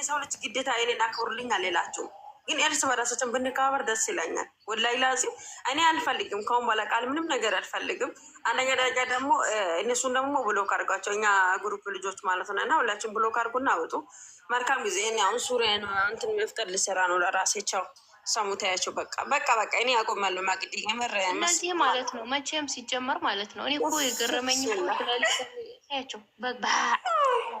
የሰው ልጅ ግዴታ እኔን አክብሩልኝ አልላችሁም፣ ግን እርስ በራሳችን ብንከባበር ደስ ይለኛል። ወላሂ ላዚም እኔ አልፈልግም፣ ከሁን በኋላ ቃል ምንም ነገር አልፈልግም። አንደኛ ደረጃ ደግሞ እነሱን ደግሞ ብሎክ አድርጓቸው፣ እኛ ግሩፕ ልጆች ማለት ነው። እና ሁላችን ብሎክ አድርጉና አውጡ። መልካም ጊዜ። እኔ አሁን ሱሪያ ነው እንትን መፍጠር ልሰራ ነው ለራሴ። ቻው ሰሙታያቸው በቃ በቃ በቃ እኔ አቆማለሁ። ማግዲ የምር እነዚህ ማለት ነው መቼም ሲጀመር ማለት ነው እኔ እኮ የገረመኝ ያቸው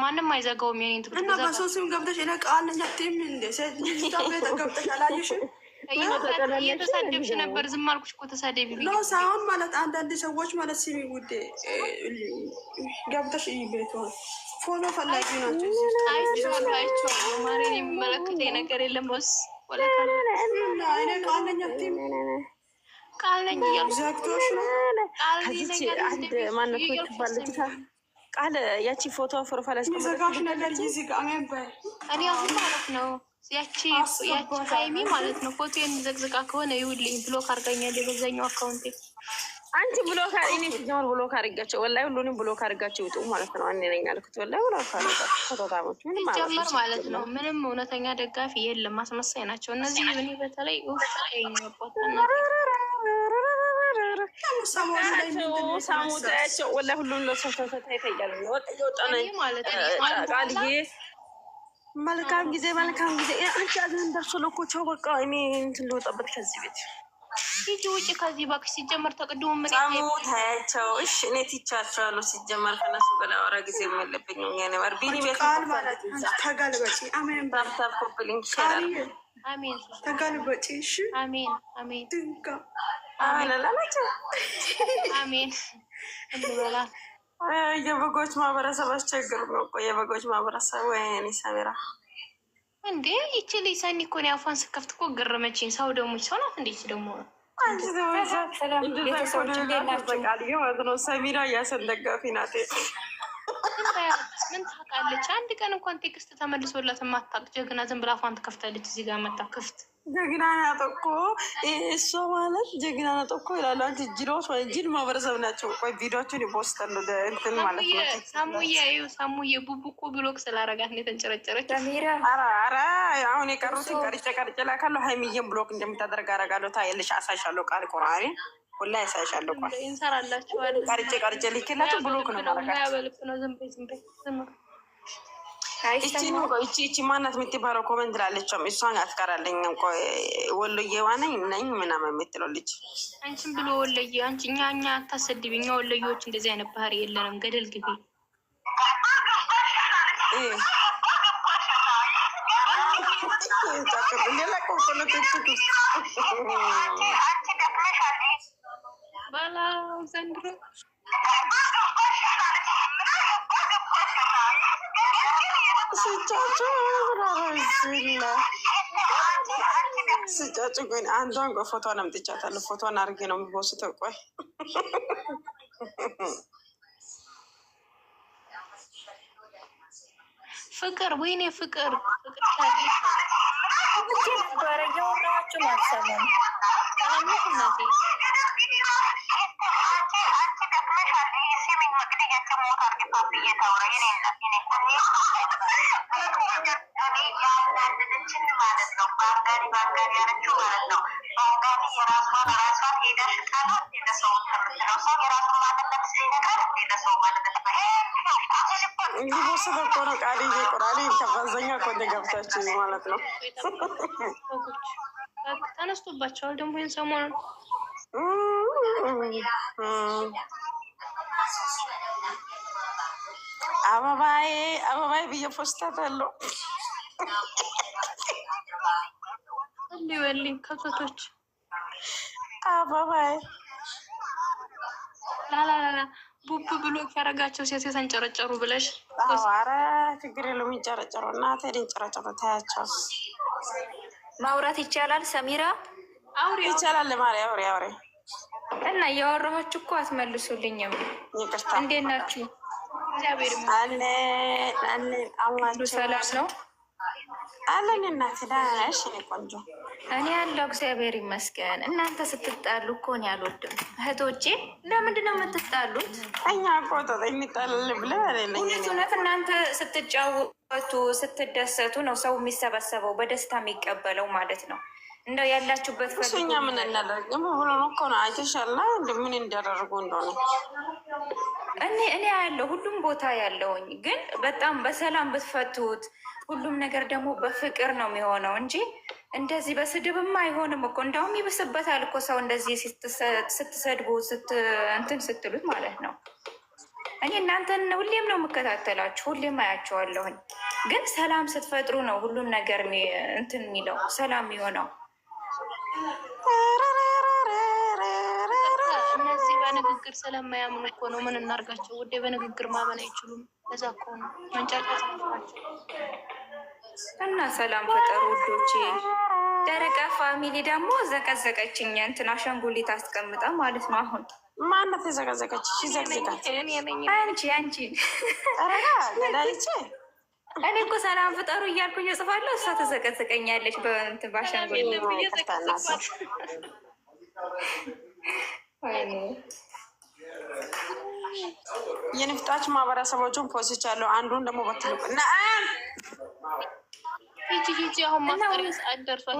ማንም አይዘጋውም። የኔን ትምህርት እና በሶስም ገብተሽ እየተሳደብሽ ነበር። ዝም አልኩሽ እኮ ተሳደቢ ሳይሆን ማለት አንዳንድ ሰዎች ማለት ሲሚ ውዴ ገብተሽ እይ ፎሎ ፈላጊ ናቸው። የሚመለከተኝ ነገር የለም። በስ ወለእኔ ቃል ዘግቶሽ ነው። ቃል ያቺ ፎቶ ፕሮፋይል ዘጋሽ ነገር እኔ አሁን ማለት ነው ያቺ ሀይሚ ማለት ነው ፎቶ የሚዘግዝቃ ከሆነ ይውልኝ ብሎክ አርጋኛል። የበዛኛው አካውንቴ አንቺ ብሎክ እኔ ሲጀምር ብሎክ አርጋቸው ወላሂ ሁሉንም ብሎክ አርጋቸው ይውጡ ማለት ነው። እኔ ነኝ አልኩት ወላሂ ብሎክ አርጋቸው ሲጀመር ማለት ነው። ምንም እውነተኛ ደጋፊ የለም፣ አስመሳይ ናቸው እነዚህ። እኔ በተለይ ውስጥ ይኛባት ሳሙታያቸው ወላ ሁሉም ለሰተታ ይፈያል መልካም ጊዜ መልካም ጊዜ። አንቺ አዝን ደርሶ ለኮቸው በቃ እኔ እንትን ልወጣበት ከዚህ ቤት ሂጂ ውጭ ከዚህ እባክሽ። ሲጀመር ተቅድሙ መሬት እሺ እኔ ትቻቸዋለሁ። ሲጀመር ከነሱ ገና ወራ ጊዜ የለብኝ ነበር ቢኒ ቤትቃል ማለት ተጋልበጪ። አሜን ተጋልበጪ። እሺ አሜን አሜን ድንጋ አሜን። የበጎች ማህበረሰብ አስቸግሩ ነው እኮ የበጎች ማህበረሰብ። ወይኔ ሰሜራ እንዴ ይቺ ልጅ ሰኒ እኮ እኔ አፏን ስከፍት እኮ ገረመችኝ። ሰው ደግሞ ሰው ናት እንዴ ደግሞ ሰሚራ ያሰን ደጋፊ ናት። ምን ታውቃለች? አንድ ቀን እንኳን ቴክስት ተመልሶላት የማታውቅ ጀግና ዝም ብላ አፏን ትከፍታለች። እዚህ ጋር መታ ክፍት ጀግና ናት እኮ እሷ ማለት ጀግና ናት እኮ ይላሉ። አንቺ ጅሎች ወይ ጅል ማህበረሰብ ናቸው። ቆይ ቪዲዮችን ይፖስታል እንትን ማለት ነው። ሳሙዬ ይኸው ሳሙዬ ቡቡ ብሎክ ስላረጋት ነው የተንጨረጨረች። ኧረ አሁን የቀሩትን ቀርጬ ቀርጬ ላካለሁ። ሀይሚዬን ብሎክ እንደምታደርግ አረጋለሁ። ታየልሽ፣ አሳይሻለሁ። ቃል ቁርአኔ ሁላ ያሳይሻለሁ። ቃል እንሰራላችኋል። ቀርጬ ቀርጬ ልኬላቸው ብሎክ ነው ማረጋቸው። ይቺ ማናት የምትባለው ኮመንት ላለችም እሷን አትቀራለኝም። ወሎዬዋ ነኝ ነኝ ምናምን የምትለው ልጅ አንቺን ብሎ ወሎዬ አንቺ እኛ እኛ አታሰድቢ። እኛ ወሎዬዎች እንደዚህ አይነት ባህሪ የለንም። ገደል ግቢ። በላ ዘንድሮ ስጧቸው ብራዝላ ስጧቸው። ግን አንዷን ቆይ ፎቶን አምጥቻታለሁ። ፎቶን አድርጌ ነው የሚወስደው። ቆይ ፍቅር ወይኔ ፍቅር ነበረ እያወራኋቸው ማሰበን እኮ ነው ቃል ይዤ ቁራሌ ከፈዘኛ እኮ ገብታችሁ ማለት ነው። ተነስቶባቸዋል ደግሞ ይህን ሰሞኑን አበባዬ አበባዬ ብዬ ፖስታት አለው ሊበልኝ ከብቶች አበባዬ ላላላላ ቡብ ብሎ ያደረጋቸው ሴት የተንጨረጨሩ ብለሽ አረ ችግር የለውም የሚንጨረጨሩ እና ተንጨረጨሩ ታያቸው። ማውራት ይቻላል ሰሚራ ይቻላል። ለማሪ አውሪ አውሪ እና እያወራኋችሁ እኮ አትመልሱልኝም። ይቅርታ። እንዴት ናችሁ? ሰላም ነው። አለኝ እናት ዳሽ ኔ ቆንጆ እኔ ያለው እግዚአብሔር ይመስገን። እናንተ ስትጣሉ እኮ እኔ አልወድም። እህቶቼ ለምንድን ነው የምትጣሉት? እኛ ቆጦ የሚጣልል ብለ እውነት እውነት እናንተ ስትጫወቱ ስትደሰቱ ነው ሰው የሚሰበሰበው በደስታ የሚቀበለው ማለት ነው። እንደው ያላችሁበት እሱ እኛ ምን እናደርግም ብሎን እኮ ነው። አይተሻላ ምን እንዲያደርጉ እንደሆነ እኔ እኔ ያለው ሁሉም ቦታ ያለውኝ ግን በጣም በሰላም ብትፈቱት ሁሉም ነገር ደግሞ በፍቅር ነው የሚሆነው እንጂ እንደዚህ በስድብማ አይሆንም እኮ። እንዳሁም ይብስበታል እኮ ሰው እንደዚህ ስትሰድቡ እንትን ስትሉት ማለት ነው። እኔ እናንተን ሁሌም ነው የምከታተላችሁ፣ ሁሌም አያቸዋለሁኝ። ግን ሰላም ስትፈጥሩ ነው ሁሉም ነገር እንትን የሚለው ሰላም የሚሆነው። እነዚህ በንግግር ስለማያምኑ እኮ ነው። ምን እናርጋቸው ውዴ? በንግግር ማመን አይችሉም። እዛ እኮ ነው ናቸው። እና ሰላም ፈጠሩ ውዶቼ። ደረቀ ፋሚሊ ደግሞ ዘቀዘቀችኝ እንትን አሻንጉሊት አስቀምጠ ማለት ነው። አሁን ማነት የዘቀዘቀች አንቺ አንቺ እኔ እኮ ሰላም ፍጠሩ እያልኩኝ እጽፋለሁ፣ እሷ ተዘቀዘቀኛለች በእንትን ባሻንጎ የንፍጣች ማህበረሰቦችን ፖስች ያለው አንዱን ደግሞ በትልቁ ሂጂ አሁን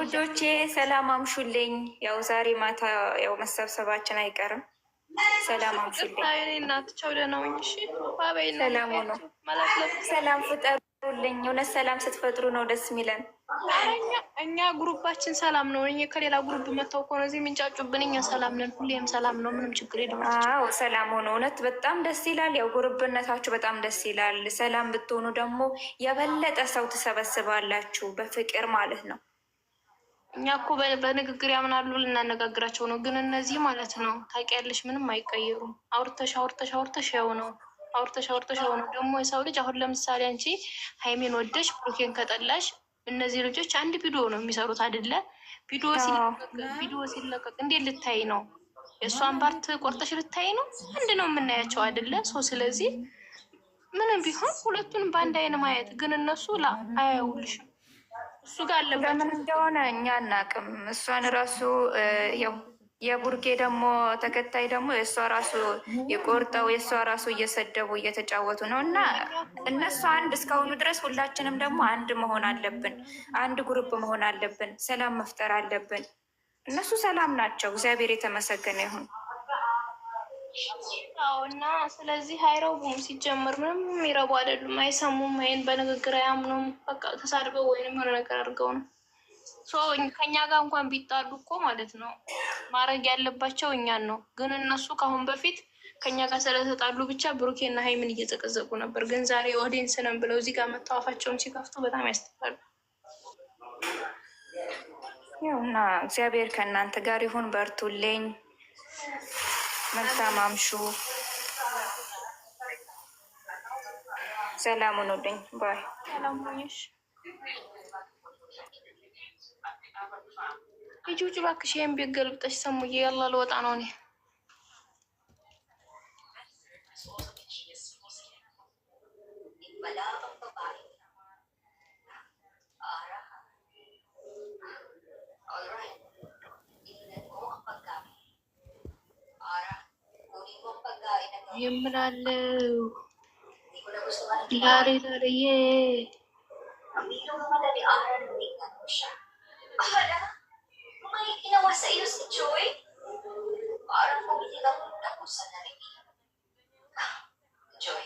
ውዶቼ ሰላም አምሹልኝ። ያው ዛሬ ማታ ያው መሰብሰባችን አይቀርም። ሰላም አምሹልኝ። እናት እሺ ባበይ ሰላም ሆኖ ሰላም ፍጠሩልኝ። እውነት ሰላም ስትፈጥሩ ነው ደስ የሚለን። እኛ ጉሩባችን ሰላም ነው እ ከሌላ ጉሩብ መተው ከሆነ እዚህ የምንጫጩብን እኛ ሰላም ነን፣ ሁሌም ሰላም ነው፣ ምንም ችግር የለም። አዎ ሰላም ሆኖ እውነት በጣም ደስ ይላል። ያው ጉርብነታችሁ በጣም ደስ ይላል። ሰላም ብትሆኑ ደግሞ የበለጠ ሰው ትሰበስባላችሁ በፍቅር ማለት ነው። እኛ እኮ በንግግር ያምናሉ፣ ልናነጋግራቸው ነው። ግን እነዚህ ማለት ነው ታውቂያለሽ፣ ምንም አይቀየሩም። አውርተሽ አውርተሽ አውርተሽ ያው ነው አውርተሽ አውርተሽ ያው ነው። ደግሞ የሰው ልጅ አሁን ለምሳሌ አንቺ ሀይሜን ወደሽ ብሩኬን ከጠላሽ እነዚህ ልጆች አንድ ቪዲዮ ነው የሚሰሩት አይደለ? ቪዲዮ ሲለቀቅ እንዴት ልታይ ነው? የእሷን ፓርት ቆርጠሽ ልታይ ነው? አንድ ነው የምናያቸው አይደለ? ሰው ስለዚህ ምንም ቢሆን ሁለቱንም በአንድ አይን ማየት ግን እነሱ ላ አያውልሽም። እሱ ጋር ለምን እንደሆነ እኛ አናቅም። እሷን ራሱ ያው የቡርጌ ደግሞ ተከታይ ደግሞ የእሷ ራሱ የቆርጠው የእሷ ራሱ እየሰደቡ እየተጫወቱ ነው። እና እነሱ አንድ እስካሁኑ ድረስ ሁላችንም ደግሞ አንድ መሆን አለብን። አንድ ጉርብ መሆን አለብን። ሰላም መፍጠር አለብን። እነሱ ሰላም ናቸው። እግዚአብሔር የተመሰገነ ይሁን። እና ስለዚህ አይረቡም። ሲጀምር ምንም የሚረቡ አይደሉም። አይሰሙም። ይሄን በንግግር አያምኑም። በቃ ተሳድበው ወይንም የሆነ ነገር አድርገው ነው ከኛ ጋር እንኳን ቢጣሉ እኮ ማለት ነው ማድረግ ያለባቸው እኛን ነው። ግን እነሱ ከአሁን በፊት ከኛ ጋር ስለተጣሉ ብቻ ብሩኬና ሀይምን እየዘቀዘቁ ነበር። ግን ዛሬ ኦዲንስ ነን ብለው እዚህ ጋር መታወፋቸውን ሲከፍቱ በጣም ያስተፋሉ። ያው እና እግዚአብሔር ከእናንተ ጋር ይሁን። በርቱልኝ። መልካም አምሹ። ሰላሙን ሁኑልኝ ባይ Ijuju lah kesian biar galu tak sih sama dia Allah luat anu ni. lari lari ye. sa iyo si Joy? Parang pumilingapunta ko sa narinig. Ah, Joy.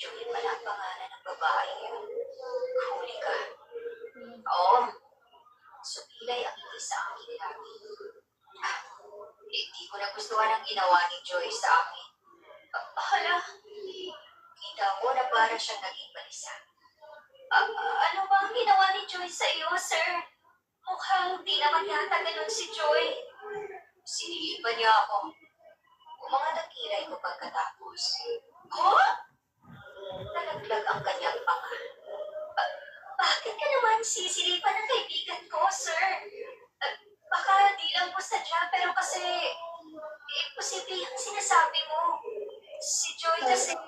Joy pala ang pangalan ng babae yun. Huli ka. Oo. Sumilay ang hindi sa akin lagi. Ah, hindi eh, ko nagustuhan ang ginawa ni Joy sa akin. Ah, Hala, kita ko na para siyang naging balisa. Uh, ano ba ang ginawa ni Joy sa iyo, sir? Mukhang di naman yata ganun si Joy. Sinilipan niya ako. Mga nakilay ko pagkatapos. Oh? Nalaglag ang kanyang panga. Ba- bakit ka naman sisilipan ng kaibigan ko, sir? Baka di lang po sadya, pero kasi... Eh, posible yung sinasabi mo. Si Joy kasi...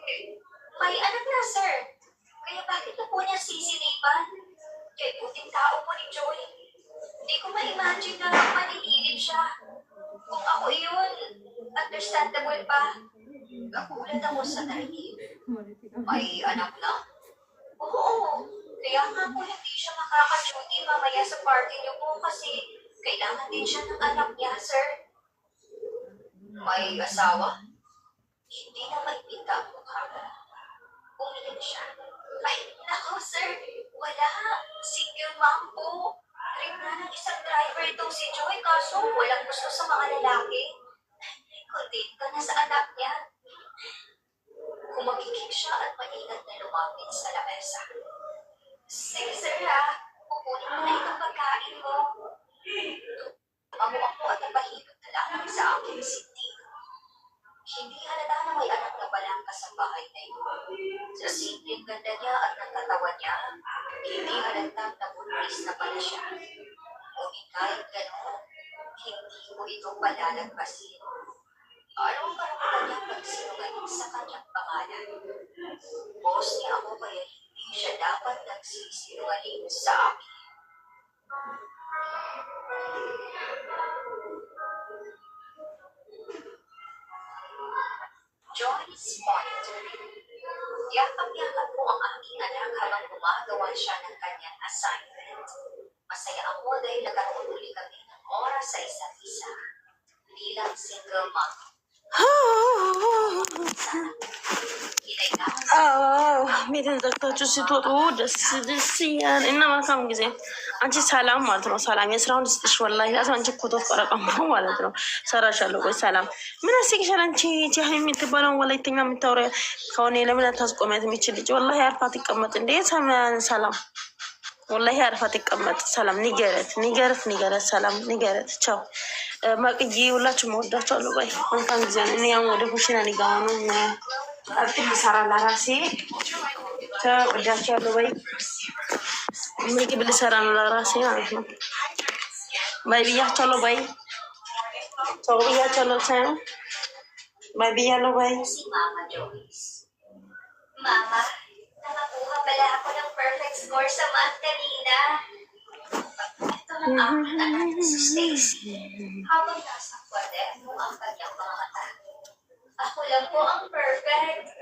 May anak na, sir. Kaya bakit na po niya sisilipan? Kaya buting tao po ni Joy. Hindi ko ma-imagine na maninilip siya. Kung ako yun, understandable pa. Nakulat ako sa narinig. May anak na? Oo, kaya nga po hindi siya makaka-duty mamaya sa party niyo po kasi kailangan din siya ng anak niya, sir. May asawa? Hindi na maipinta ang mukha mo. Umiling siya. Ay, nako sir, wala. Single mom po. Alin na ng isang driver itong si Joy kaso walang gusto sa mga lalaki. Kundi ka na sa anak niya. Kumagigig siya at maingat na lumapit sa lamesa. Sige sir ha, pupunin mo na itong pagkain mo. Tumago ako at napahigit na lang sa akin si Tig. Hindi halata na may anak na balangkas ang bahay na ito. Sa simpleng ganda niya at ng katawan niya, hindi halatang nabuntis na pala siya. Ngunit kahit ganoon, hindi ko ito palalagpasin. Anong karapatan niyang magsinungaling sa kanyang pangalan? Boss niya ako kaya hindi siya dapat nagsisinungaling sa akin. Joyce Pointer Tiyak ang tiyak po ang aking anak habang gumagawa siya ng kanyang assignment. Masaya ako dahil nakatutuli kami ng oras sa isa't isa. Bilang single mom, ቤትን ዘግታችሁ ስትወጡ ደስ ደስ እያለ እና መልካም ጊዜ። አንቺ ሰላም ማለት ነው። ሰላም የስራውን ስጥሽ። ወላሂ ራሱ አንቺ ኮቶት ቆረቀም ማለት ነው። ሰራሽ ቆይ ሰላም ምን አስቂሻል? አንቺ ቲህ የምትባለውን ወላይተኛ የምታወሪ ከሆነ ለምን አታስቆሚያት? የሚችል ልጅ ወላሂ አርፋ ትቀመጥ እንዴ? ሰላም ወላሂ አርፋ ትቀመጥ። ሰላም ንገረት፣ ንገረት፣ ንገረት። ሰላም ንገረት። ቻው ማቅዬ ሁላችሁ መወዳችኋለሁ። ባይ መልካም ጊዜ ነው። እኔ ያው ወደ ኩሽና ሊገባ ነው። ቀጥ ልሰራ ለራሴ ተወዳችኋለሁ። ባይ ምግብ ልሰራ ነው ለራሴ ማለት ነው። ባይ ብያችኋለሁ። ባይ ሰው ብያችኋለሁ። ሳይ ባይ ብያለሁ። ባይ Mama, nakakuha pala ako ng perfect score sa math kanina. nag-aaklat sa stage. Habang ang kanyang Ako lang po ang perfect.